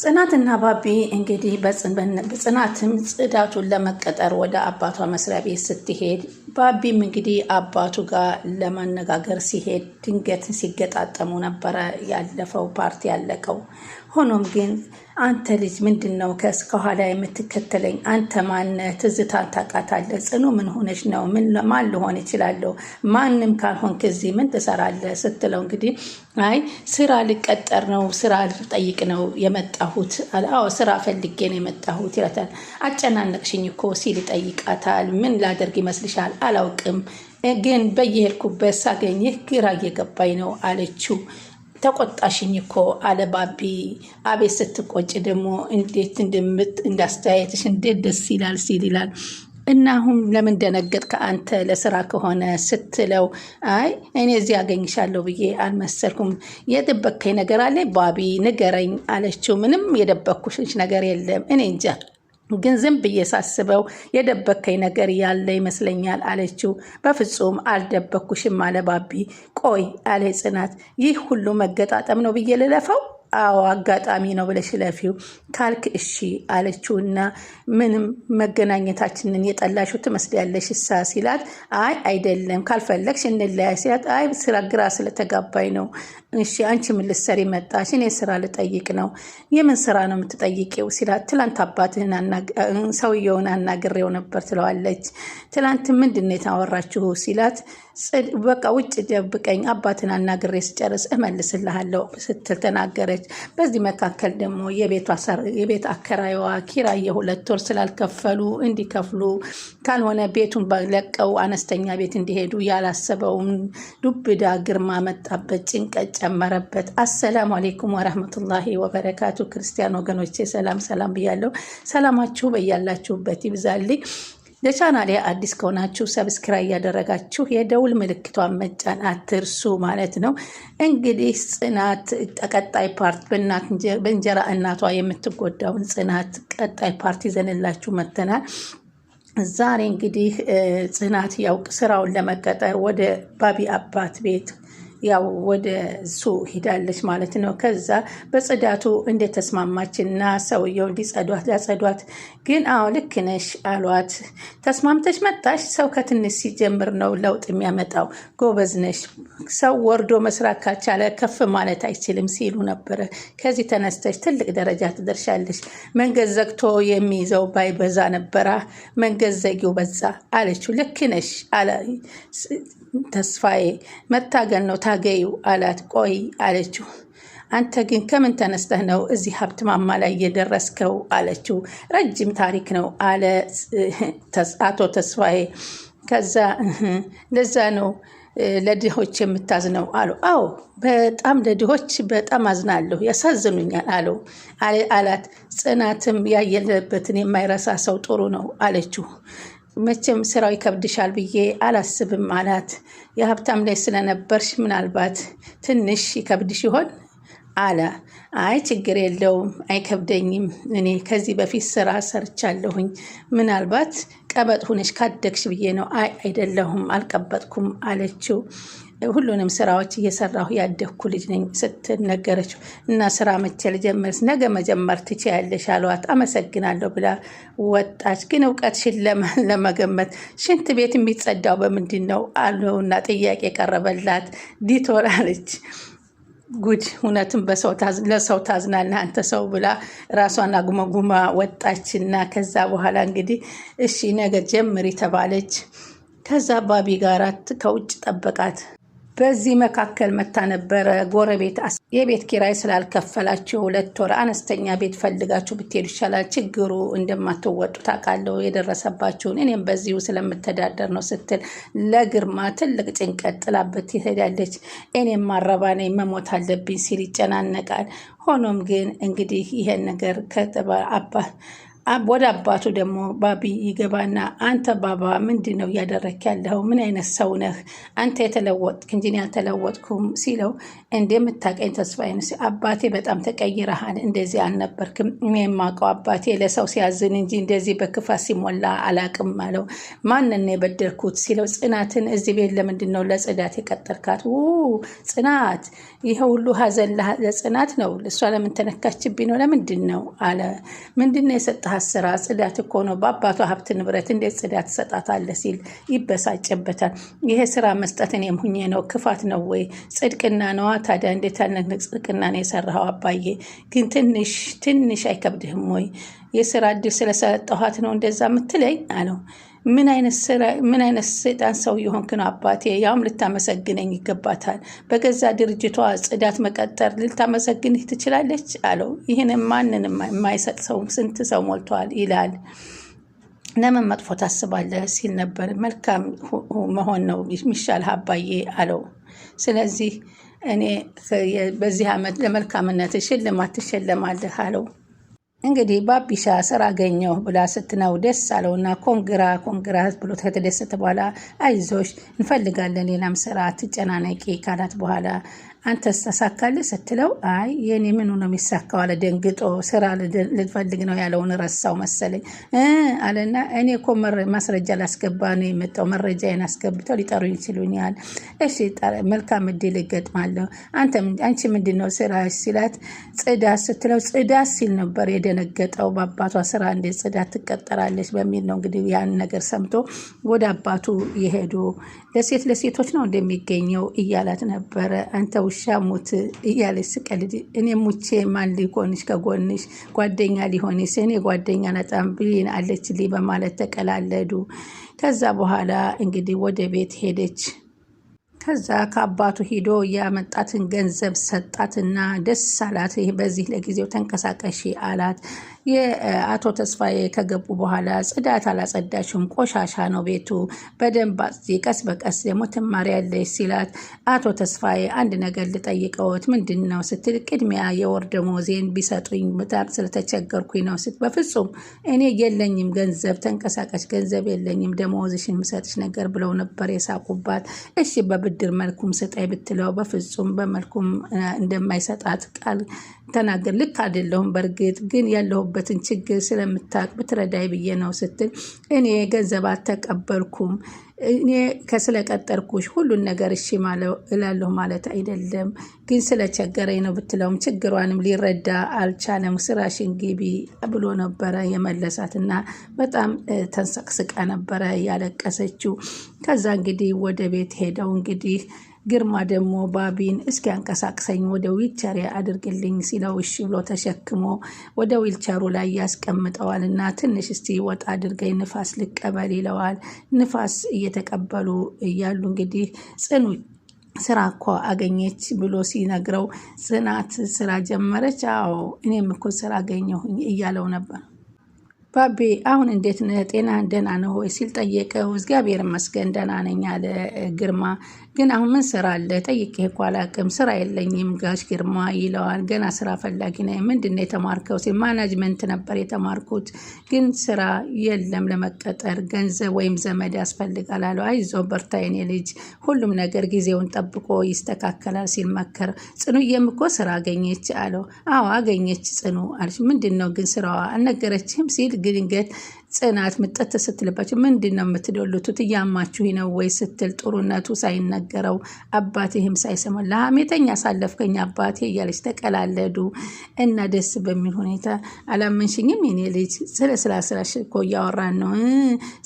ጽናትና ባቢ እንግዲህ በጽናትም ጽዳቱን ለመቀጠር ወደ አባቷ መስሪያ ቤት ስትሄድ ባቢም እንግዲህ አባቱ ጋር ለማነጋገር ሲሄድ ድንገት ሲገጣጠሙ ነበረ ያለፈው ፓርቲ ያለቀው። ሆኖም ግን አንተ ልጅ ምንድን ነው ከኋላ የምትከተለኝ? አንተ ማነ? ትዝታ ታውቃታለህ? ጽኑ ምን ሆነች ነው? ማን ልሆን እችላለሁ? ማንም ካልሆንክ እዚህ ምን ትሰራለህ? ስትለው እንግዲህ አይ ስራ ልቀጠር ነው ስራ ልጠይቅ ነው የመጣሁት። አዎ ስራ ፈልጌ ነው የመጣሁት ይላታል። አጨናነቅሽኝ እኮ ሲል ይጠይቃታል። ምን ላደርግ ይመስልሻል? አላውቅም፣ ግን በየሄድኩበት ሳገኝህ ግራ እየገባኝ ነው አለችው። ተቆጣሽኝ እኮ አለ ባቢ። አቤት ስትቆጭ ደግሞ እንዴት እንደምት እንዳስተያየትሽ እንዴት ደስ ይላል ሲል ይላል እና አሁን ለምን ደነገጥ ከአንተ ለስራ ከሆነ ስትለው፣ አይ እኔ እዚህ አገኝሻለሁ ብዬ አልመሰልኩም። የደበከኝ ነገር አለ ባቢ ንገረኝ አለችው። ምንም የደበኩሽ ነገር የለም እኔ እንጃ ግን ዝም ብዬ ሳስበው የደበከኝ ነገር ያለ ይመስለኛል አለችው። በፍጹም አልደበኩሽም አለ ባቢ። ቆይ አለ ጽናት፣ ይህ ሁሉ መገጣጠም ነው ብዬ ልለፈው አዎ አጋጣሚ ነው ብለሽ ለፊው ካልክ እሺ አለችውና ምንም መገናኘታችንን የጠላሽው ትመስላለሽ እሳ ሲላት፣ አይ አይደለም ካልፈለግሽ እንለያ ሲላት፣ አይ ስራ ግራ ስለተጋባኝ ነው። እሺ አንቺ ምን ልትሰሪ መጣሽ? እኔ ስራ ልጠይቅ ነው። የምን ስራ ነው የምትጠይቂው? ሲላት፣ ትላንት አባትህን ሰውየውን አናግሬው ነበር ትለዋለች። ትላንት ምንድን ነው የታወራችሁ ሲላት በቃ ውጭ ደብቀኝ አባትን አናግሬ ስጨርስ እመልስልሃለሁ ስትል ተናገረች። በዚህ መካከል ደግሞ የቤት አከራይዋ ኪራይ የሁለት ወር ስላልከፈሉ እንዲከፍሉ ካልሆነ ቤቱን ለቀው አነስተኛ ቤት እንዲሄዱ ያላሰበውም ዱብዳ ግርማ መጣበት። ጭንቀት ጨመረበት። አሰላሙ አሌይኩም ወረህመቱላሂ ወበረካቱ። ክርስቲያን ወገኖቼ ሰላም ሰላም ብያለሁ። ሰላማችሁ በያላችሁበት ይብዛልኝ። ለቻናሌ አዲስ ከሆናችሁ ሰብስክራይብ እያደረጋችሁ የደውል ምልክቷን መጫን አትርሱ ማለት ነው። እንግዲህ ጽናት ቀጣይ ፓርት በእንጀራ እናቷ የምትጎዳውን ጽናት ቀጣይ ፓርት ይዘንላችሁ መተናል። ዛሬ እንግዲህ ጽናት ያውቅ ስራውን ለመቀጠር ወደ ባቢ አባት ቤት ያው ወደ ሱ ሂዳለች ማለት ነው። ከዛ በጽዳቱ እንደተስማማችና ሰውየው እንዲጸዷት ሊያጸዷት ግን አዎ ልክ ነሽ አሏት። ተስማምተሽ መጣሽ። ሰው ከትንሽ ሲጀምር ነው ለውጥ የሚያመጣው። ጎበዝ ነሽ። ሰው ወርዶ መስራት ካልቻለ ከፍ ማለት አይችልም ሲሉ ነበረ። ከዚህ ተነስተሽ ትልቅ ደረጃ ትደርሻለሽ። መንገድ ዘግቶ የሚይዘው ባይበዛ ነበራ መንገድ ዘጊው በዛ አለችው። ልክ ነሽ አለ ተስፋዬ መታገል ነው ታገዩ አላት። ቆይ አለችው። አንተ ግን ከምን ተነስተህ ነው እዚህ ሀብት ማማ ላይ የደረስከው? አለችው። ረጅም ታሪክ ነው አለ አቶ ተስፋዬ። ከዛ ለዛ ነው ለድሆች የምታዝነው አሉ። አዎ በጣም ለድሆች በጣም አዝናለሁ፣ ያሳዝኑኛል አለው አላት። ጽናትም ያየለበትን የማይረሳ ሰው ጥሩ ነው አለችው። መቼም ስራው ይከብድሻል ብዬ አላስብም አላት። የሀብታም ላይ ስለነበርሽ ምናልባት ትንሽ ይከብድሽ ይሆን አለ። አይ ችግር የለውም አይከብደኝም። እኔ ከዚህ በፊት ስራ ሰርቻለሁኝ። ምናልባት ቀበጥ ሁነሽ ካደግሽ ብዬ ነው። አይ አይደለሁም፣ አልቀበጥኩም አለችው። ሁሉንም ስራዎች እየሰራሁ ያደግኩ ልጅ ነኝ ስትል ነገረችው። እና ስራ መቼ ልጀምርስ? ነገ መጀመር ትችያለሽ አሏት። አመሰግናለሁ ብላ ወጣች። ግን እውቀትሽን ለመገመት ሽንት ቤት የሚጸዳው በምንድን ነው አሉና ጥያቄ ቀረበላት። ዲቶር አለች። ጉድ እውነትም ለሰው ታዝናለህ አንተ ሰው ብላ ራሷን አጉመጉማ ወጣችና ከዛ በኋላ እንግዲህ እሺ ነገ ጀምሪ ተባለች። ከዛ ባቢ ጋራት ከውጭ ጠበቃት። በዚህ መካከል መታ ነበረ ጎረቤት የቤት ኪራይ ስላልከፈላችሁ ሁለት ወር አነስተኛ ቤት ፈልጋችሁ ብትሄዱ ይሻላል፣ ችግሩ እንደማትወጡ ታውቃለሁ የደረሰባችሁን እኔም በዚሁ ስለምተዳደር ነው ስትል ለግርማ ትልቅ ጭንቀት ጥላበት ትሄዳለች። እኔም ማረባ ነኝ መሞት አለብኝ ሲል ይጨናነቃል። ሆኖም ግን እንግዲህ ይሄን ነገር ከጥበ አባ ወደ አባቱ ደግሞ ባቢ ይገባና አንተ ባባ ምንድን ነው እያደረክ ያለው? ምን አይነት ሰው ነህ አንተ? የተለወጥክ እንጂ ያልተለወጥኩም ሲለው እንደምታቀኝ ተስፋ ይነስ አባቴ በጣም ተቀይረሃል፣ እንደዚህ አልነበርክም። እኔ የማውቀው አባቴ ለሰው ሲያዝን እንጂ እንደዚህ በክፋት ሲሞላ አላቅም አለው። ማንን የበደልኩት ሲለው ጽናትን እዚህ ቤት ለምንድን ነው ለጽዳት የቀጠርካት? ጽናት ይሄ ሁሉ ሀዘን ለጽናት ነው። እሷ ለምን ተነካችብኝ ነው ለምንድን ነው አለ። ምንድን ነው ታስራ ጽዳት እኮ ነው በአባቷ ሀብት ንብረት እንዴት ጽዳት ትሰጣታለህ? ሲል ይበሳጭበታል። ይሄ ስራ መስጠት እኔም ሁኜ ነው ክፋት ነው ወይ ጽድቅና ነዋ? ታዲያ እንዴት ያለ ጽድቅና ነው የሰራኸው? አባዬ ግን ትንሽ ትንሽ አይከብድህም ወይ? የስራ እድል ስለሰጠኋት ነው እንደዛ የምትለኝ አለው። ምን አይነት ሰይጣን ሰው የሆንክ ነው አባቴ? ያውም ልታመሰግነኝ ይገባታል። በገዛ ድርጅቷ ጽዳት መቀጠር ልታመሰግንህ ትችላለች አለው። ይህን ማንንም የማይሰጥ ሰው ስንት ሰው ሞልቷል ይላል። ለምን መጥፎ ታስባለህ ሲል ነበር። መልካም መሆን ነው የሚሻል አባዬ አለው። ስለዚህ እኔ በዚህ ዓመት ለመልካምነት ሽልማት ትሸለማለህ አለው። እንግዲህ ባቢሻ ስራ አገኘሁ ብላ ስትነው ደስ አለውና ኮንግራ ኮንግራ ብሎ ከተደሰተ በኋላ አይዞሽ እንፈልጋለን ሌላም ስራ ትጨናነቂ ካላት በኋላ አንተ ስተሳካልህ ስትለው አይ የኔ ምኑ ነው የሚሳካው አለ ደንግጦ። ስራ ልፈልግ ነው ያለውን ረሳው መሰለኝ አለና እኔ እኮ ማስረጃ ላስገባ ነው የመጣው መረጃዬን አስገብተው ሊጠሩኝ ይችሉኛል። እሺ መልካም እድል እገጥማለሁ። አንቺ ምንድን ነው ስራ ሲላት ጽዳት ስትለው ጽዳት ሲል ነበር የደነገጠው። በአባቷ ስራ እንደ ጽዳት ትቀጠራለች በሚል ነው እንግዲህ ያን ነገር ሰምቶ ወደ አባቱ የሄዱ ለሴት ለሴቶች ነው እንደሚገኘው እያላት ነበረ አንተ ውሻ ሙት እያለች ስቀልድ እኔ ሙቼ ማን ሊሆንሽ ከጎንሽ ጓደኛ ሊሆንሽ እኔ ጓደኛ ነጣም ብሌን አለችልኝ በማለት ተቀላለዱ። ከዛ በኋላ እንግዲህ ወደ ቤት ሄደች። ከዛ ከአባቱ ሂዶ ያመጣትን ገንዘብ ሰጣትና ደስ አላት። በዚህ ለጊዜው ተንቀሳቀሺ አላት። የአቶ ተስፋዬ ከገቡ በኋላ ጽዳት አላጸዳሽም፣ ቆሻሻ ነው ቤቱ፣ በደንብ አጽጂ፣ ቀስ በቀስ ደግሞ ትማሪያለሽ ሲላት አቶ ተስፋዬ አንድ ነገር ልጠይቀዎት ምንድን ነው ስትል ቅድሚያ የወር ደመወዜን ቢሰጡኝ ምጣር ስለተቸገርኩኝ ነው ስት በፍጹም እኔ የለኝም ገንዘብ፣ ተንቀሳቃሽ ገንዘብ የለኝም ደመወዝሽን የምሰጥሽ ነገር ብለው ነበር የሳቁባት። እሺ በብድር መልኩም ስጠይ ብትለው በፍጹም በመልኩም እንደማይሰጣት ቃል ተናገር። ልክ አይደለሁም በእርግጥ ግን ያለሁበት ያለሁበትን ችግር ስለምታቅ ብትረዳይ ብዬ ነው ስትል እኔ ገንዘብ አልተቀበልኩም እኔ ከስለቀጠርኩሽ ሁሉን ነገር እሺ እላለሁ ማለት አይደለም፣ ግን ስለቸገረኝ ነው ብትለውም ችግሯንም ሊረዳ አልቻለም። ስራሽን ግቢ ብሎ ነበረ የመለሳትና በጣም ተንሰቅስቃ ነበረ ያለቀሰችው። ከዛ እንግዲህ ወደ ቤት ሄደው እንግዲህ ግርማ ደግሞ ባቢን እስኪ አንቀሳቅሰኝ ወደ ዊልቸር አድርግልኝ ሲለው እሺ ብሎ ተሸክሞ ወደ ዊልቸሩ ላይ ያስቀምጠዋል እና ትንሽ እስቲ ወጣ አድርገኝ ንፋስ ልቀበል ይለዋል። ንፋስ እየተቀበሉ እያሉ እንግዲህ ጽኑ ስራ እኮ አገኘች ብሎ ሲነግረው ጽናት ስራ ጀመረች? አዎ እኔም እኮ ስራ አገኘሁኝ እያለው ነበር። ባቤ አሁን እንዴት ነህ? ጤና ደህና ነው ወይ ሲል ጠየቀው። እግዚአብሔር ይመስገን ደህና ነኝ አለ ግርማ። ግን አሁን ምን ስራ አለ ጠይቄ እኮ አላውቅም፣ ስራ የለኝም ጋሽ ግርማ ይለዋል። ገና ስራ ፈላጊ ነኝ። ምንድን ነው የተማርከው? ሲል ማናጅመንት ነበር የተማርኩት፣ ግን ስራ የለም ለመቀጠር ገንዘብ ወይም ዘመድ ያስፈልጋል አለው። አይዞ በርታ የኔ ልጅ፣ ሁሉም ነገር ጊዜውን ጠብቆ ይስተካከላል ሲል መከር። ጽኑዬም እኮ ስራ አገኘች አለው። አዎ አገኘች ጽኑ አለች። ምንድን ነው ግን ስራዋ አልነገረችህም? ሲል ግንገት ጽናት ምጠት ስትልባቸው ምንድን ነው የምትደሉቱት? እያማችሁ ነው ወይ ስትል ጥሩነቱ ሳይነገረው አባትህም ሳይሰማ ለሀሜተኛ አሳለፍከኝ አባቴ እያለች ተቀላለዱ እና ደስ በሚል ሁኔታ አላመንሽኝም የኔ ልጅ ስለ ስራ እኮ እያወራን ነው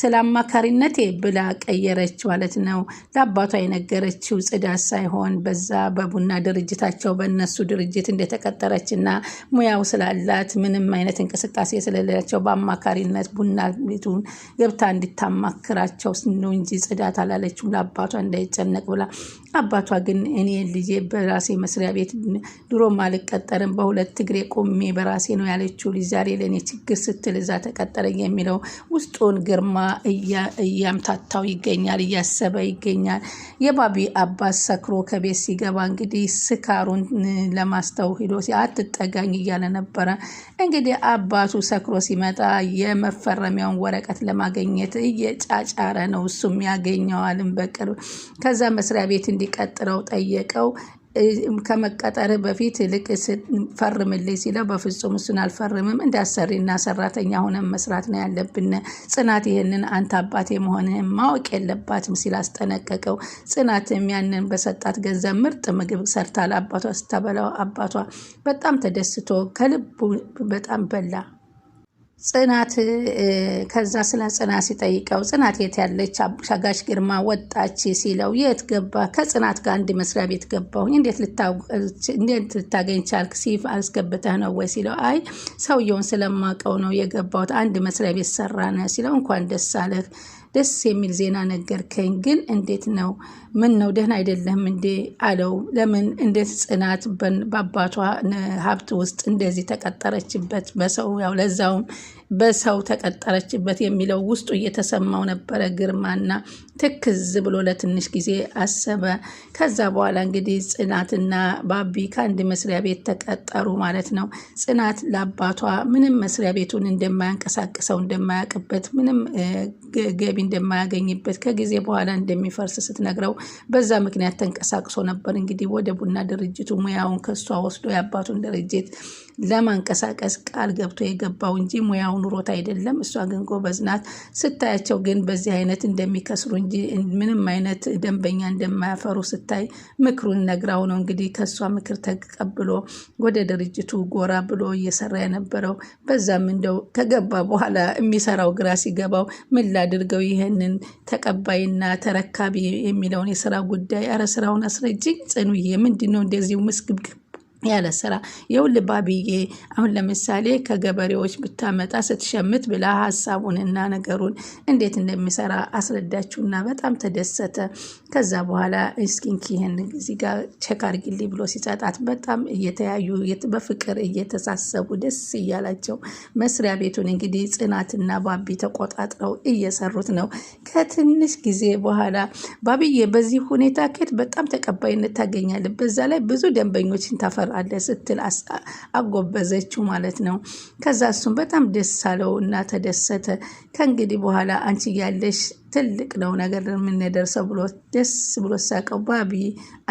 ስለ አማካሪነቴ ብላ ቀየረች ማለት ነው። ለአባቷ የነገረችው ጽዳት ሳይሆን በዛ በቡና ድርጅታቸው በእነሱ ድርጅት እንደተቀጠረች እና ሙያው ስላላት ምንም አይነት እንቅስቃሴ ስለሌላቸው በአማካሪነት ቡና እናቱን ገብታ እንድታማክራቸው ነው እንጂ ጽዳት አላለችም ለአባቷ እንዳይጨነቅ ብላ። አባቷ ግን እኔ ልጄ በራሴ መስሪያ ቤት ድሮም አልቀጠርም በሁለት እግሬ ቆሜ በራሴ ነው ያለችው ልጅ ዛሬ ለእኔ ችግር ስትል እዛ ተቀጠረ የሚለው ውስጡን ግርማ እያምታታው ይገኛል፣ እያሰበ ይገኛል። የባቢ አባት ሰክሮ ከቤት ሲገባ እንግዲህ ስካሩን ለማስተው ሂዶ አትጠጋኝ እያለ ነበረ። እንግዲህ አባቱ ሰክሮ ሲመጣ የመፈራ የመፈረሚያውን ወረቀት ለማገኘት እየጫጫረ ነው። እሱም ያገኘዋልን በቅርብ ከዛ መስሪያ ቤት እንዲቀጥረው ጠየቀው። ከመቀጠር በፊት ልቅ ፈርምልኝ ሲለው በፍጹም እሱን አልፈርምም፣ እንዳሰሪና ሰራተኛ ሆነን መስራት ነው ያለብን። ጽናት ይህንን አንተ አባቴ መሆንህን ማወቅ የለባትም ሲል አስጠነቀቀው። ጽናትም ያንን በሰጣት ገንዘብ ምርጥ ምግብ ሰርታ ለአባቷ ስታበላው አባቷ በጣም ተደስቶ ከልቡ በጣም በላ። ጽናት ከዛ ስለ ጽናት ሲጠይቀው ጽናት የት ያለች አጋሽ ግርማ ወጣች ሲለው የት ገባ ከጽናት ጋር አንድ መስሪያ ቤት ገባሁኝ እንዴት ልታገኝ ቻልክ ሲፍ አስገብተህ ነው ወይ ሲለው አይ ሰውየውን ስለማቀው ነው የገባሁት አንድ መስሪያ ቤት ሰራነ ሲለው እንኳን ደስ አለህ ደስ የሚል ዜና ነገርከኝ፣ ግን እንዴት ነው? ምን ነው ደህና አይደለም እንዴ አለው። ለምን እንዴት ጽናት በአባቷ ሀብት ውስጥ እንደዚህ ተቀጠረችበት በሰው ያው ለዛውም በሰው ተቀጠረችበት የሚለው ውስጡ እየተሰማው ነበረ። ግርማና ትክዝ ብሎ ለትንሽ ጊዜ አሰበ። ከዛ በኋላ እንግዲህ ጽናትና ባቢ ከአንድ መስሪያ ቤት ተቀጠሩ ማለት ነው። ጽናት ለአባቷ ምንም መስሪያ ቤቱን እንደማያንቀሳቅሰው እንደማያውቅበት፣ ምንም ገቢ እንደማያገኝበት ከጊዜ በኋላ እንደሚፈርስ ስትነግረው በዛ ምክንያት ተንቀሳቅሶ ነበር እንግዲህ ወደ ቡና ድርጅቱ ሙያውን ከሷ ወስዶ የአባቱን ድርጅት ለማንቀሳቀስ ቃል ገብቶ የገባው እንጂ ሙያው ኑሮት አይደለም። እሷ ግን ጎበዝ ናት። ስታያቸው ግን በዚህ አይነት እንደሚከስሩ እንጂ ምንም አይነት ደንበኛ እንደማያፈሩ ስታይ ምክሩን ነግራው ነው እንግዲህ ከእሷ ምክር ተቀብሎ ወደ ድርጅቱ ጎራ ብሎ እየሰራ የነበረው። በዛም እንደው ከገባ በኋላ የሚሰራው ግራ ሲገባው ምን ላድርገው ይህንን ተቀባይና ተረካቢ የሚለውን የስራ ጉዳይ፣ ኧረ ስራውን አስረጅኝ ጽኑዬ፣ ምንድን ነው እንደዚሁ ምስግብግብ ያለ ስራ የውል ባብዬ አሁን ለምሳሌ ከገበሬዎች ብታመጣ ስትሸምት ብላ ሀሳቡንና ነገሩን እንዴት እንደሚሰራ አስረዳችሁና በጣም ተደሰተ። ከዛ በኋላ እስኪንኪ ይህን እዚህ ጋር ብሎ ሲሰጣት በጣም እየተያዩ በፍቅር እየተሳሰቡ ደስ እያላቸው መስሪያ ቤቱን እንግዲህ ጽናትና ባቢ ተቆጣጥረው እየሰሩት ነው። ከትንሽ ጊዜ በኋላ ባብዬ በዚህ ሁኔታ ከት በጣም ተቀባይነት ታገኛለ በዛ ላይ ብዙ ደንበኞችን ታፈ ፍቅር አለ ስትል አጎበዘችው ማለት ነው። ከዛ እሱም በጣም ደስ አለው እና ተደሰተ። ከእንግዲህ በኋላ አንቺ ያለሽ ትልቅ ነው ነገር የምንደርሰው ብሎ ደስ ብሎ ሳቀው። ባቢ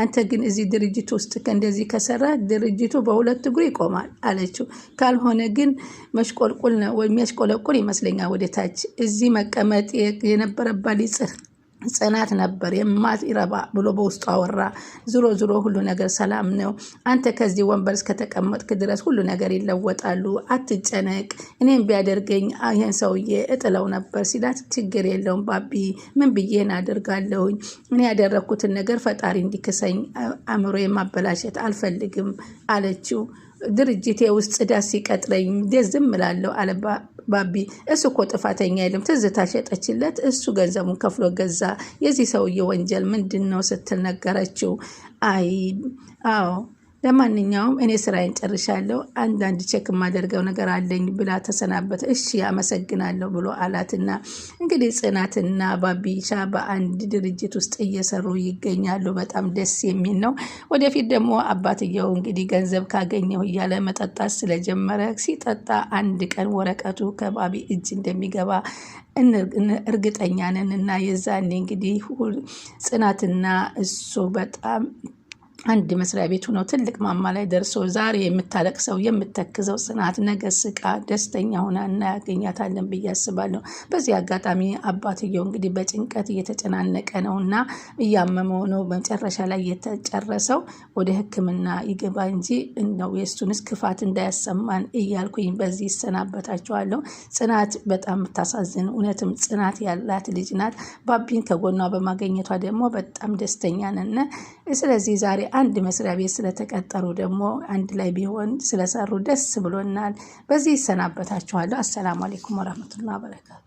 አንተ ግን እዚህ ድርጅት ውስጥ ከእንደዚህ ከሰራ ድርጅቱ በሁለት እግሩ ይቆማል አለችው። ካልሆነ ግን መሽቆልቁል ነው የሚያሽቆለቁል ይመስለኛል ወደታች እዚህ መቀመጥ የነበረባ ሊጽህ ጽናት ነበር የማትረባ ብሎ በውስጡ አወራ። ዝሮ ዝሮ ሁሉ ነገር ሰላም ነው። አንተ ከዚህ ወንበር እስከተቀመጥክ ድረስ ሁሉ ነገር ይለወጣሉ፣ አትጨነቅ። እኔም ቢያደርገኝ ይህን ሰውዬ እጥለው ነበር ሲላት፣ ችግር የለውም ባቢ፣ ምን ብዬን አደርጋለሁኝ? እኔ ያደረግኩትን ነገር ፈጣሪ እንዲክሰኝ አእምሮ የማበላሸት አልፈልግም አለችው። ድርጅቴ ውስጥ ጽዳት ሲቀጥረኝ እንዴ ዝም እላለሁ አለ ባቢ። እሱ እኮ ጥፋተኛ የለም፣ ትዝታ ሸጠችለት፣ እሱ ገንዘቡን ከፍሎ ገዛ። የዚህ ሰውዬ ወንጀል ምንድን ነው ስትል ነገረችው። አይ አዎ ለማንኛውም እኔ ስራዬን ጨርሻለሁ፣ አንዳንድ ቼክ የማደርገው ነገር አለኝ ብላ ተሰናበተ። እሺ አመሰግናለሁ ብሎ አላትና እንግዲህ ጽናትና ባቢሻ በአንድ ድርጅት ውስጥ እየሰሩ ይገኛሉ። በጣም ደስ የሚል ነው። ወደፊት ደግሞ አባትየው እንግዲህ ገንዘብ ካገኘው እያለ መጠጣት ስለጀመረ ሲጠጣ አንድ ቀን ወረቀቱ ከባቢ እጅ እንደሚገባ እርግጠኛ ነን እና የዛኔ እንግዲህ ጽናትና እሱ በጣም አንድ መስሪያ ቤት ሆነው ትልቅ ማማ ላይ ደርሶ ዛሬ የምታለቅሰው የምተክዘው ጽናት ነገ ስቃ ደስተኛ ሆና እናያገኛታለን ብዬ አስባለሁ። በዚህ አጋጣሚ አባትየው እንግዲህ በጭንቀት እየተጨናነቀ ነው እና እያመመው ነው። መጨረሻ ላይ የተጨረሰው ወደ ሕክምና ይገባ እንጂ ነው የእሱንስ ክፋት እንዳያሰማን እያልኩኝ በዚህ ይሰናበታቸዋለሁ። ጽናት በጣም የምታሳዝን እውነትም ጽናት ያላት ልጅ ናት። ባቢን ከጎኗ በማገኘቷ ደግሞ በጣም ደስተኛ ነን። ስለዚህ ዛሬ አንድ መስሪያ ቤት ስለተቀጠሩ ደግሞ አንድ ላይ ቢሆን ስለሰሩ ደስ ብሎናል። በዚህ ይሰናበታችኋለሁ። አሰላሙ አሌይኩም ወረህመቱላሂ በረካቱ